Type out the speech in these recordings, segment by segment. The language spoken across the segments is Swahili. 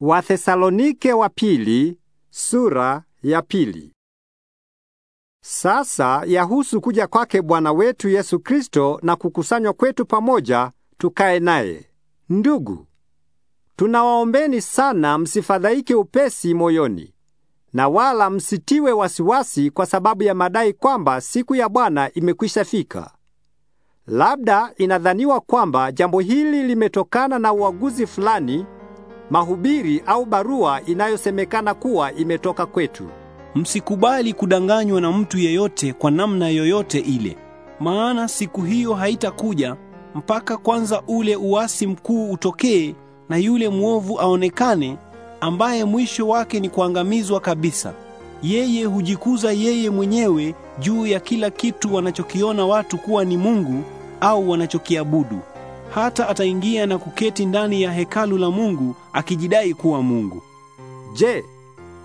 Wathesalonike wa pili sura ya pili. Sasa yahusu kuja kwake Bwana wetu Yesu Kristo na kukusanywa kwetu pamoja tukae naye. Ndugu, tunawaombeni sana msifadhaike upesi moyoni na wala msitiwe wasiwasi kwa sababu ya madai kwamba siku ya Bwana imekwisha fika. Labda inadhaniwa kwamba jambo hili limetokana na uaguzi fulani mahubiri au barua inayosemekana kuwa imetoka kwetu. Msikubali kudanganywa na mtu yeyote kwa namna yoyote ile, maana siku hiyo haitakuja mpaka kwanza ule uasi mkuu utokee na yule mwovu aonekane, ambaye mwisho wake ni kuangamizwa kabisa. Yeye hujikuza yeye mwenyewe juu ya kila kitu wanachokiona watu kuwa ni Mungu au wanachokiabudu hata ataingia na kuketi ndani ya hekalu la Mungu akijidai kuwa Mungu. Je,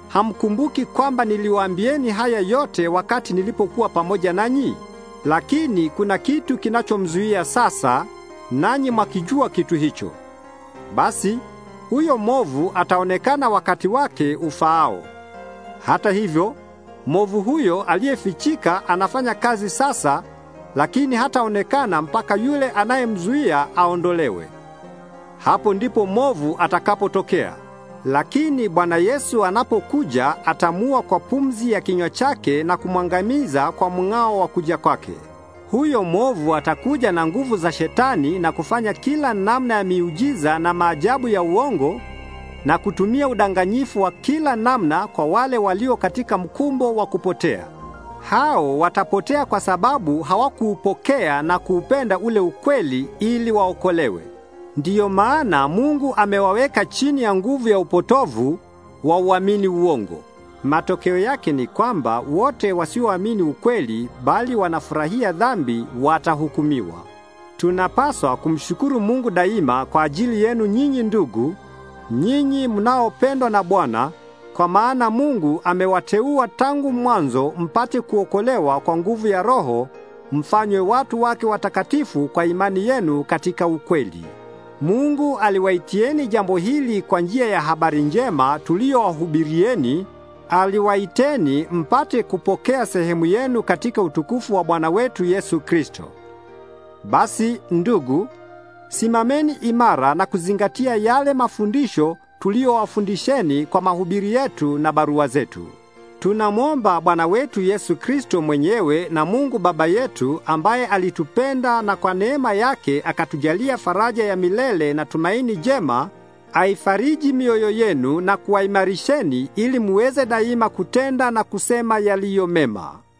hamkumbuki kwamba niliwaambieni haya yote wakati nilipokuwa pamoja nanyi? Lakini kuna kitu kinachomzuia sasa, nanyi mwakijua kitu hicho. Basi huyo movu ataonekana wakati wake ufaao. Hata hivyo, movu huyo aliyefichika anafanya kazi sasa lakini hataonekana mpaka yule anayemzuia aondolewe. Hapo ndipo movu atakapotokea. Lakini Bwana Yesu anapokuja atamua kwa pumzi ya kinywa chake na kumwangamiza kwa mng'ao wa kuja kwake. Huyo mwovu atakuja na nguvu za shetani na kufanya kila namna ya miujiza na maajabu ya uongo na kutumia udanganyifu wa kila namna kwa wale walio katika mkumbo wa kupotea. Hao watapotea kwa sababu hawakuupokea na kuupenda ule ukweli ili waokolewe. Ndiyo maana Mungu amewaweka chini ya nguvu ya upotovu wa uamini uongo. Matokeo yake ni kwamba wote wasioamini ukweli bali wanafurahia dhambi watahukumiwa. Tunapaswa kumshukuru Mungu daima kwa ajili yenu nyinyi ndugu, nyinyi mnaopendwa na Bwana kwa maana Mungu amewateua tangu mwanzo mpate kuokolewa kwa nguvu ya Roho, mfanywe watu wake watakatifu kwa imani yenu katika ukweli. Mungu aliwaitieni jambo hili kwa njia ya habari njema tuliyowahubirieni, aliwaiteni mpate kupokea sehemu yenu katika utukufu wa Bwana wetu Yesu Kristo. Basi ndugu, simameni imara na kuzingatia yale mafundisho tuliowafundisheni kwa mahubiri yetu na barua zetu. Tunamwomba Bwana wetu Yesu Kristo mwenyewe na Mungu Baba yetu ambaye alitupenda na kwa neema yake akatujalia faraja ya milele na tumaini jema, aifariji mioyo yenu na kuwaimarisheni ili muweze daima kutenda na kusema yaliyo mema.